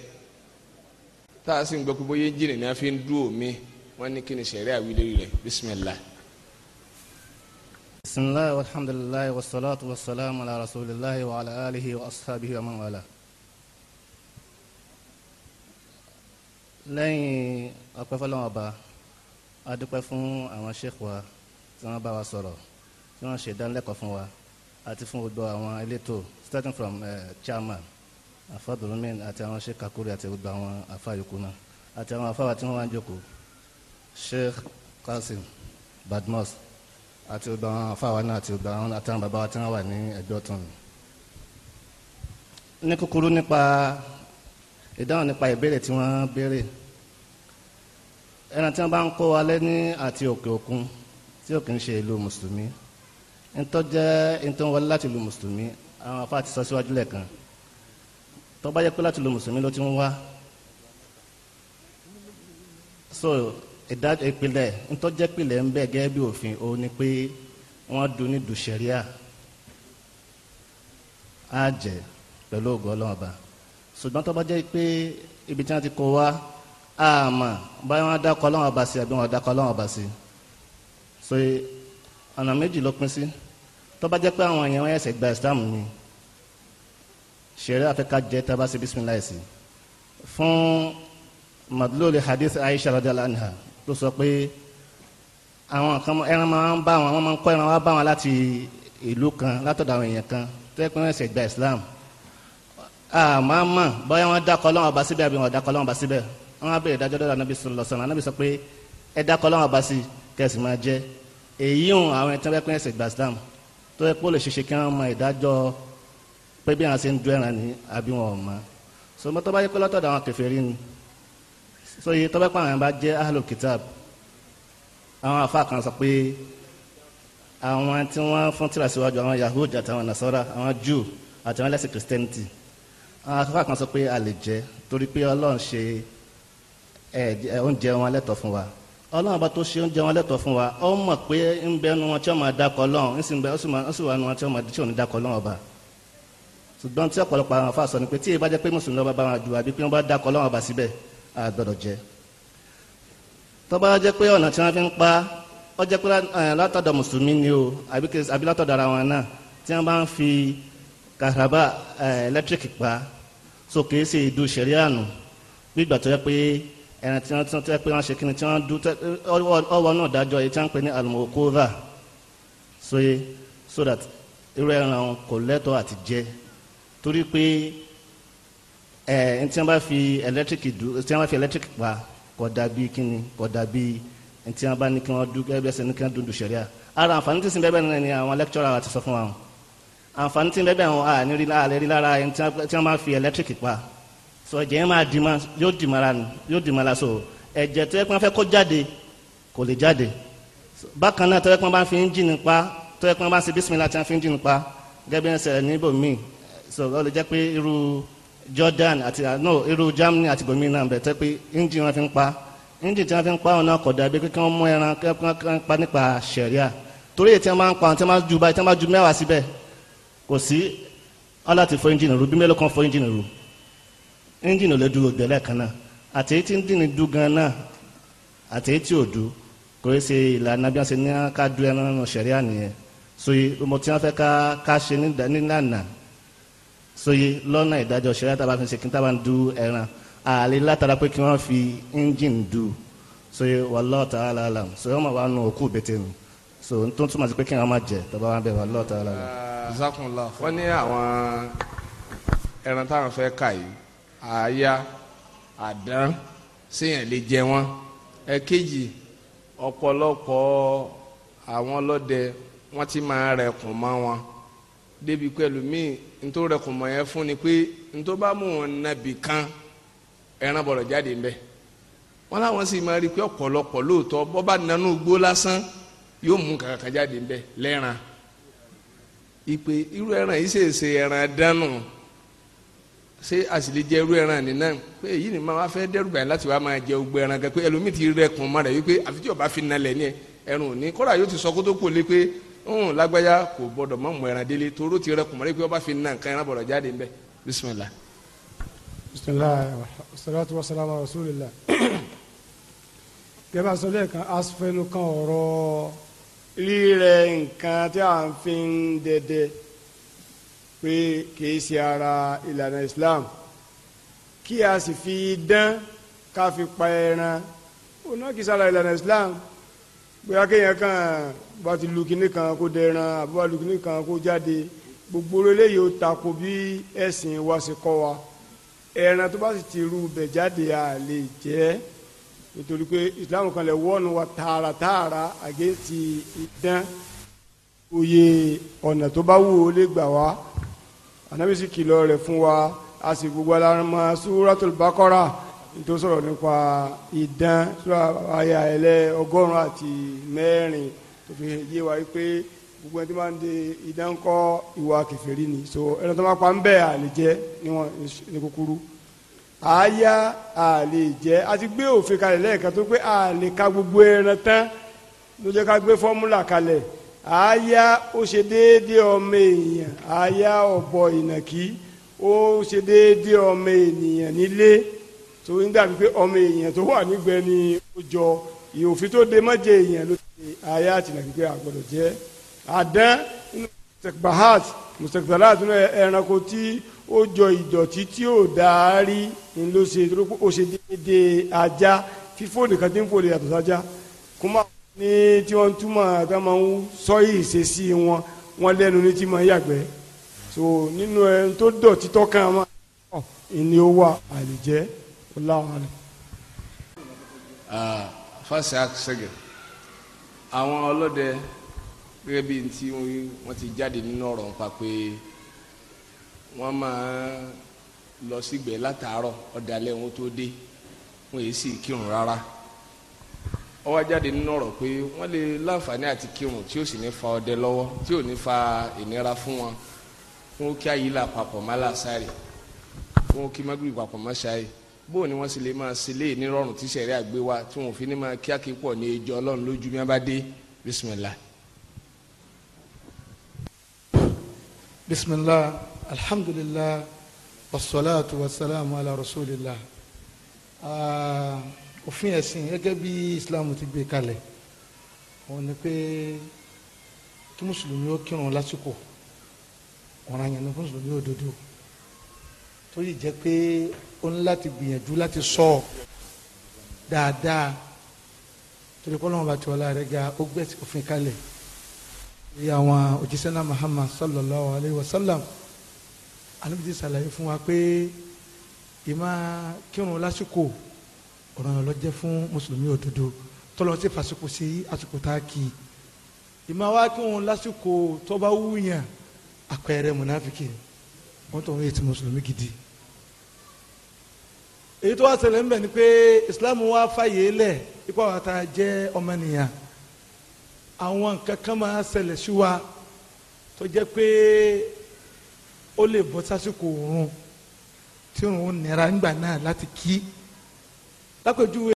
tá a sì ń gbọ́ pé bóyá jíìnì ni a fi ń dú omi wọ́n ní kí ni sẹ̀rí àwílé rẹ̀ bisimilah. بسم الله والحمد لله والصلاة والسلام على رسول الله وعلى آله وأصحابه ومن والاه lẹ́yìn ọpẹ́ fọlọ́wọ́n ọba a dúpẹ́ fún àwọn sheikh wa tí wọ́n bá wa sọ̀rọ̀ tí wọ́n ṣe ìdánilẹ́kọ̀ọ́ fún wa àti fún gbogbo àwọn elétò starting from eh, chairman afábìrúmìn àti àwọn sheikh kakuri àti gbogbo àwọn afáyòkú náà àti àwọn afáwa tí wọ́n wá ń jókòó sheikh Qasim Badmus àti ọgbà àwọn afáwa náà àti ọgbà àtàwọn bàbá wa tí wọ́n wà ní ẹgbẹ́ ọ̀tún mi. ní kúkúrú nípa ìdáhùn nípa ìbéèrè tí wọ́n béèrè ẹran tí wọ́n bá ń kó wa lẹ́ni àti òkè òkun tí ò kì í ṣe ìlú mùsùlùmí ntọ́ jẹ́ ntọ́ wọlé láti ìlú mùsùlùmí àwọn afá ti sọ síwájú lẹ́ẹ̀kan tó bá jẹ́ pé láti ìlú mùsùlùmí ló ti ń wá so ìdájọ́ ìpìlẹ̀ ntọ́jẹ́ ìpìlẹ̀ ń bẹ gẹ́gẹ́ bí òfin o ni pé wọ́n dun ní dùsẹ̀ríà á jẹ pẹ̀lú ògùn ọlọ́run ọba ṣùgbọ́n tó bá jẹ́ pé ibi tí wọ́n ti kó wa àmọ́ báyìí wọ́n dákọ̀ ọlọ́run ọba sí àbí wọ́n dákọ̀ ọlọ́run ọba sí so ọ̀nà méjì ló pín sí tó bá jẹ́ pé àwọn èèyàn ẹ̀sẹ̀ gba Islam ni ṣẹ̀ríà fẹ́ ká jẹ́ tá a bá ṣe bísí fún madlul hadith Aisha radiyallahu anha ló sọ pé àwọn kan ẹran máa ń bá wọn wọn máa ń kọ́ ẹran wá bá wọn láti ìlú kan látọ̀dọ̀ àwọn èèyàn kan tẹ́kùn ẹ̀sẹ̀ gba Islam àmọ́ mọ̀ bóyá wọ́n dákọ̀ lọ́wọ́ ọba síbẹ̀ àbí wọ́n dákọ̀ lọ́wọ́ ọba síbẹ̀ wọ́n á bèrè ìdájọ́ dọ́dọ̀ anábì sọ̀rọ̀ lọ́sàn anábì sọ pé ẹ dákọ̀ lọ́wọ́ ọba sí kẹsì máa jẹ́ èyí hùn àwọn ẹni tí ẹ̀sẹ̀ gba Islam tó yẹ kó lè ṣe ṣe kí wọ́n mọ ìdájọ́ pé bí àwọn ṣe ń du ẹran ni àbí wọn ò mọ sọmọtọ́ bá yẹ pé lọ́tọ̀dọ̀ àwọn kèfèrí ni so iye tọ́pẹ́ pàmò yẹn bá jẹ́ ahlul kitab àwọn afa kan sọ pé àwọn tí wọ́n fún tírà síwájú àwọn yahud àtàwọn nasara àwọn jew àtàwọn ẹlẹ́sìn christianity àwọn afa kan sọ pé a lè jẹ torí pé ọlọ́run ṣe oúnjẹ wọn lẹ́tọ̀ fún wa ọlọ́run bá tó ṣe oúnjẹ wọn lẹ́tọ̀ fún wa ó mọ̀ pé ń bẹ nu wọn tí wọ́n máa dákọ̀ ọlọ́run ń sì wà nu wọn tí wọ́n máa tí ò ní dákọ̀ ọlọ́run ọba ṣùgbọ́n tí ọ̀pọ̀lọpọ̀ àwọn afa sọ ni pé tí èyí pé mùsùlùmí lọ́ba bá wọn àgbọ̀dọ̀ jẹ tọ́ba jẹ́ pé ọ̀nà tí wọ́n fi ń pa ọ jẹ́ pé látọ̀dọ̀ mùsùlùmí ni o àbí látọ̀dọ̀ ara wọn náà tí wọ́n bá ń fi kàràbà electric pa so kì í ṣe ìdú sẹ̀ríànù bí ìgbà tó yẹ pé ẹran tí wọ́n tẹ́ pé wọ́n ṣe kíni tí wọ́n dú ọwọ́ náà dájọ́ yìí tí wọ́n pè ní almokoza so so that irú ẹran kò lẹ́tọ̀ọ́ àti jẹ torí pé ẹ ntí wọn bá fi ẹlẹtíríkì du ntí wọn bá fi ẹlẹtíríkì pa kò dàbí kíni kò dàbí ntí wọn bá ní kí wọn du ẹbí ẹsẹ ní kí wọn dundun sẹríà ara àǹfààní tí sin bẹ́ẹ̀ bẹ́ẹ̀ ni àwọn lẹ́kítọ́rà wa ti sọ fún wa àǹfààní tí bẹ́ẹ̀ bẹ́ẹ̀ wọn à ní rí lára àlẹ́ rí lára tí wọn bá fi ẹlẹtíríkì pa sọ ẹ̀jẹ̀ yẹn máa dì ma yóò dì ma la yóò dì ma la so ẹ̀jẹ̀ tẹ́ pọ́n fẹ́ kó jáde kò lè jáde bákan náà tẹ́ pọ́n bá fi ń jìn pa tẹ́ pọ́n bá ń ṣe bísímìlá tí wọ́n fi ń jìn pa gẹ́gẹ́ bí wọ́n ṣẹlẹ̀ so Jordan àti ah, no irú Germany àti gomina bẹ̀ tẹ́ pé engine wọn fi ń pa engine tí wọn fi ń pa ọ̀nà kọ̀dà bí kí wọ́n mú ẹran kí wọ́n pa nípa sẹ̀ríà torí èyí tí wọ́n máa ń pa tí wọ́n máa ju báyìí tí wọ́n máa ju mẹ́wàá síbẹ̀ kò sí ọ̀là ti fọ engine rú bí mélòó kan fọ engine rú engine ò lè dúró gbẹ̀lẹ́ kan náà àti èyí tí ń dín ní dú gan náà àti èyí tí ò dú kò ṣe ìlànà bí wọ́n ṣe ní ká du ẹran sẹ̀ríà nìyẹn so mo ti wọn fẹ́ ká ká ṣe nílànà sóye lọ́nà ìdájọ́ ṣẹlẹ̀ tá a bá fi ṣe kí n tá a bá ń du ẹran àlè látara pé kí wọ́n fi engine du sóye wallahu ta'ala alam sóye wọ́n máa wá nu òkú bété so n tó túmọ̀ sí pé kí wọ́n máa jẹ tó bá wà bẹ́ẹ̀ wallahu ta'ala alam. zakunla wọ́n ní àwọn ẹran táwọn fẹ́ kà yìí àáyá àdán séèyàn lè jẹ wọ́n ẹ̀kejì ọ̀pọ̀lọpọ̀ àwọn ọlọ́dẹ wọ́n ti máa rẹkùn mọ́ wọn débi pẹ̀lú míì nítorí rẹ kò mọ̀ fún ni pé nítorí bá mú kan ẹran bọ̀rọ̀ jáde ń bẹ̀ wọn láwọn sì máa rí i pé ọ̀pọ̀lọpọ̀ lóòótọ́ bọ́ bá nanú gbó lásán yóò mú kàkàkà jáde ń bẹ̀ lẹ́ran ìpè irú ẹran yìí ṣèṣe ẹran dánù ṣé àṣìlè jẹ irú ẹran nínà pé èyí ni máa fẹ́ dẹ́rùbà yín láti wá máa jẹ ogbó ẹran gan pé ẹlòmíì ti rẹkùn mọ́ rẹ̀ wípé àfi tí ó bá fi nalẹ̀ ní ẹrùn òní kọ́ra yóò ti sọ kótó kò lé pé ń lágbájá kò gbọdọ̀ má mọ ẹran délé toró ti rẹ kùmọ̀rẹ́ pé ọba fi nà nǹkan ẹran bọ̀dọ̀ jáde ń bẹ bisimilah. bisimilah salatu wa salam wa rasulillah gẹ́gẹ́ bá a sọ lẹ́ẹ̀kan asfẹ́nu kan ọ̀rọ̀ rírẹ nǹkan tí a fi ń dẹdẹ pé kì í ṣe ara ìlànà Islam kí a sì fi dán ká fi pa ẹran òun náà kì í ṣe ara ìlànà Islam bóyá kéèyàn kàn bá ti lu kinní kan kó dẹran àbí bá lu kinní kan kó jáde gbogbo eléyìí ó tako bí ẹ̀sìn wa ṣe kọ́ wa ẹran tó bá sì ti ru bẹ̀ jáde à lè jẹ nítorí pé ìsìláàmù kan lè wọ́ọ̀nù wa tààràtààrà àgẹ́sì ìdán òye ọ̀nà tó bá wù ó lè gbà wá ànábìsí kìlọ̀ rẹ̀ fún wa a sì gbogbo alámọ̀ Suratul Baqara tó sọ̀rọ̀ nípa ìdán sura aya ẹlẹ́ ọgọ́rùn-ún àti mẹ́rin tó fi yé wa pé gbogbo ẹni tó máa ń de ìdán kọ́ ìwà kèfèrí ni so ẹni tó máa pa ń bẹ̀ àlè níwọ̀n ní kúkúrú àáyá àlè a ti gbé òfin kalẹ̀ lẹ́ẹ̀kan tó pé àlè ka gbogbo ẹran tán ló jẹ́ ká gbé fọ́múlà kalẹ̀ àáyá ó ṣe déédéé ọmọ èèyàn àáyá ọ̀bọ ìnàkí ó ṣe déédéé ọmọ ènìyàn nílé tó ń dàbí pé ọmọ èèyàn tó wà nígbẹ́ ni ọjọ jọ ìhòfin tó de mọ́jẹ èèyàn ló ti ayé àtìlẹ́ pípé àgbọ̀dọ̀ jẹ́ àdán nínú mustaqbahat nínú ẹranko tí ó jọ ìdọ̀tí tí ló ṣe ó ṣe déédéé ajá fífò nìkan tí ń fò lè yàtọ̀ kó má so nínú ẹni tó dọ̀tí tọ́kàn máa ń Wallahu alim. fásitì àṣẹgẹ àwọn ọlọ́dẹ gẹ́gẹ́ bíi ti wọ́n ti jáde nínú ọ̀rọ̀ nípa pé wọ́n máa lọ sígbẹ́ látàárọ̀ ọ̀dàlẹ̀ wọn tó dé wọn èyí sì kírun rárá ó wá jáde nínú ọ̀rọ̀ pé wọ́n lè láǹfààní àti kírun tí ó sì ní fa ọdẹ lọ́wọ́ tí ò ní fa ìnira fún wọn fún kí àyílà papọ̀ má láṣáré fún kí magrebi papọ̀ má ṣáyé bó ni wọ́n sì lè máa sílé nírọ̀rùn tí sẹ̀rí àgbé wa tí wọ́n fi ní máa kíákí pọ̀ ní ejò ọlọ́run lójú bí wọ́n bá dé bisimilá. bisimilá alhamdulilá wasalaatu wasalaamu ala rasulilá òfin ẹ̀sìn gẹ́gẹ́ bí islam ti gbé kalẹ̀ òun ni pé kí mùsùlùmí ó kírun lásìkò ọ̀ranyàn ni mùsùlùmí ó dodo tó yìí jẹ́ pé ó ní láti gbìyànjú láti sọ ọ dáadáa torí pé ọlọ́run bá ti wọlé rẹ̀ ga ó gbé òfin kalẹ̀ ìyá àwọn òjíṣẹ́ náà Muhammad sallallahu alayhi wa sallam alibidi ṣàlàyé fún wa pé ìmá kírun lásìkò ọ̀ràn yẹn ló jẹ́ fún mùsùlùmí òdodo tọ́lọ́ sí fàṣíkò sí àsìkò tá a kì í ìmá wá kírun lásìkò tó wúyàn àpẹẹrẹ mùnàfíkì wọn tó ń yẹ ti mùsùlùmí gidi èyí tó wá ṣẹlẹ̀ ń bẹ̀ ni pé islam wá fàyè lẹ̀ ipò àwọn ata jẹ́ ọmọnìyàn àwọn nǹkan kan máa ṣẹlẹ̀ sí wa tó jẹ́ pé ó lè bọ́ sásìkò òórùn tí òun nira nígbà náà láti kí lápèjúwe